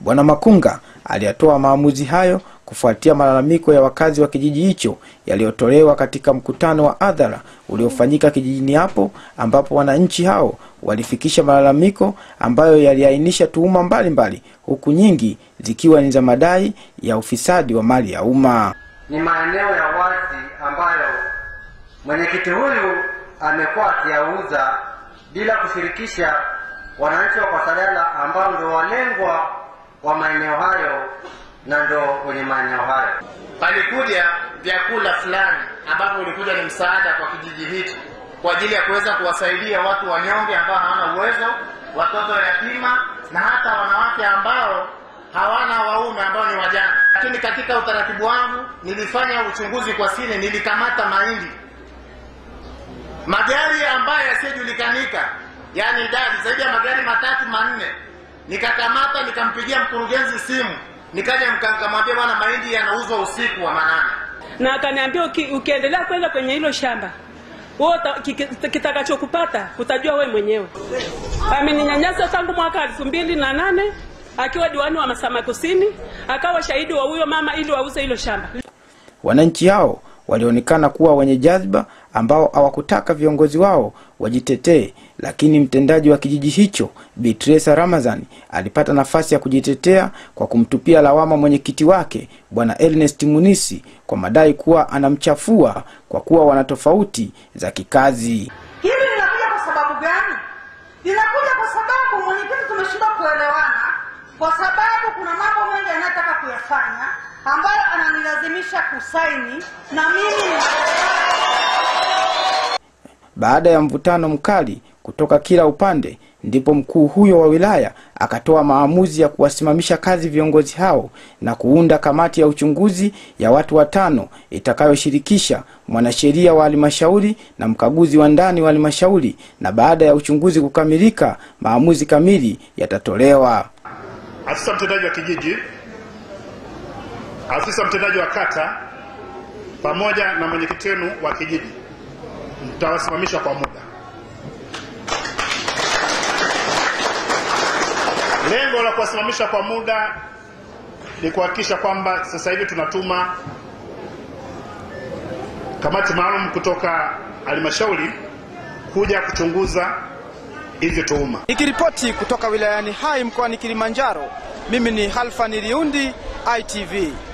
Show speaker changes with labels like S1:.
S1: Bwana Makunga aliyatoa maamuzi hayo kufuatia malalamiko ya wakazi wa kijiji hicho yaliyotolewa katika mkutano wa adhara uliofanyika kijijini hapo, ambapo wananchi hao walifikisha malalamiko ambayo yaliainisha tuhuma mbalimbali, huku nyingi zikiwa ni za madai ya ufisadi wa mali ya umma.
S2: Ni maeneo ya wazi ambayo mwenyekiti huyu amekuwa akiyauza bila kushirikisha wananchi wa kwasalala ambao ndio walengwa wa maeneo hayo na ndo kwenye maeneo hayo.
S3: Palikuja vyakula fulani ambavyo ulikuja ni msaada kwa kijiji hicho kwa ajili ya kuweza kuwasaidia watu wanyonge ambao hawana uwezo, watoto yatima na hata wanawake ambao hawana waume ambao ni wajana. Lakini katika utaratibu wangu nilifanya uchunguzi kwa siri, nilikamata mahindi, magari ambayo yasiyojulikanika yani idadi zaidi ya magari matatu manne nikakamata nikampigia mkurugenzi simu nikaja nikamwambia bwana mahindi yanauzwa usiku wa manane
S4: na akaniambia uki, ukiendelea kwenda kwenye hilo shamba kitakachokupata utajua we mwenyewe ameninyanyasa tangu mwaka elfu mbili na nane akiwa diwani wa masama kusini akawa shahidi wa huyo mama ili wauze hilo shamba
S1: wananchi hao walionekana kuwa wenye jazba ambao hawakutaka viongozi wao wajitetee, lakini mtendaji wa kijiji hicho Bi ramazani alipata nafasi ya kujitetea kwa kumtupia lawama mwenyekiti wake Bwana Ernest Munisi kwa madai kuwa anamchafua kwa kuwa wana tofauti za kikazi.
S5: Hili linakuja kwa sababu gani? Linakuja kwa sababu mwenyekiti, tumeshindwa kuelewana kwa sababu kuna mambo mengi anayetaka kuyafanya ambayo ananilazimisha kusaini na mimi
S1: baada ya mvutano mkali kutoka kila upande, ndipo mkuu huyo wa wilaya akatoa maamuzi ya kuwasimamisha kazi viongozi hao na kuunda kamati ya uchunguzi ya watu watano itakayoshirikisha mwanasheria wa halmashauri na mkaguzi wa ndani wa halmashauri, na baada ya uchunguzi kukamilika, maamuzi kamili yatatolewa.
S6: Afisa mtendaji wa kijiji, afisa mtendaji wa kata pamoja na mwenyekiti wenu wa kijiji mtawasimamisha kwa muda. Lengo la kuwasimamisha kwa muda ni kuhakikisha kwamba sasa hivi tunatuma kamati maalum kutoka halmashauri kuja kuchunguza hizi tuhuma.
S7: Nikiripoti kutoka wilayani Hai mkoani Kilimanjaro, mimi ni Halfani Liundi, ITV.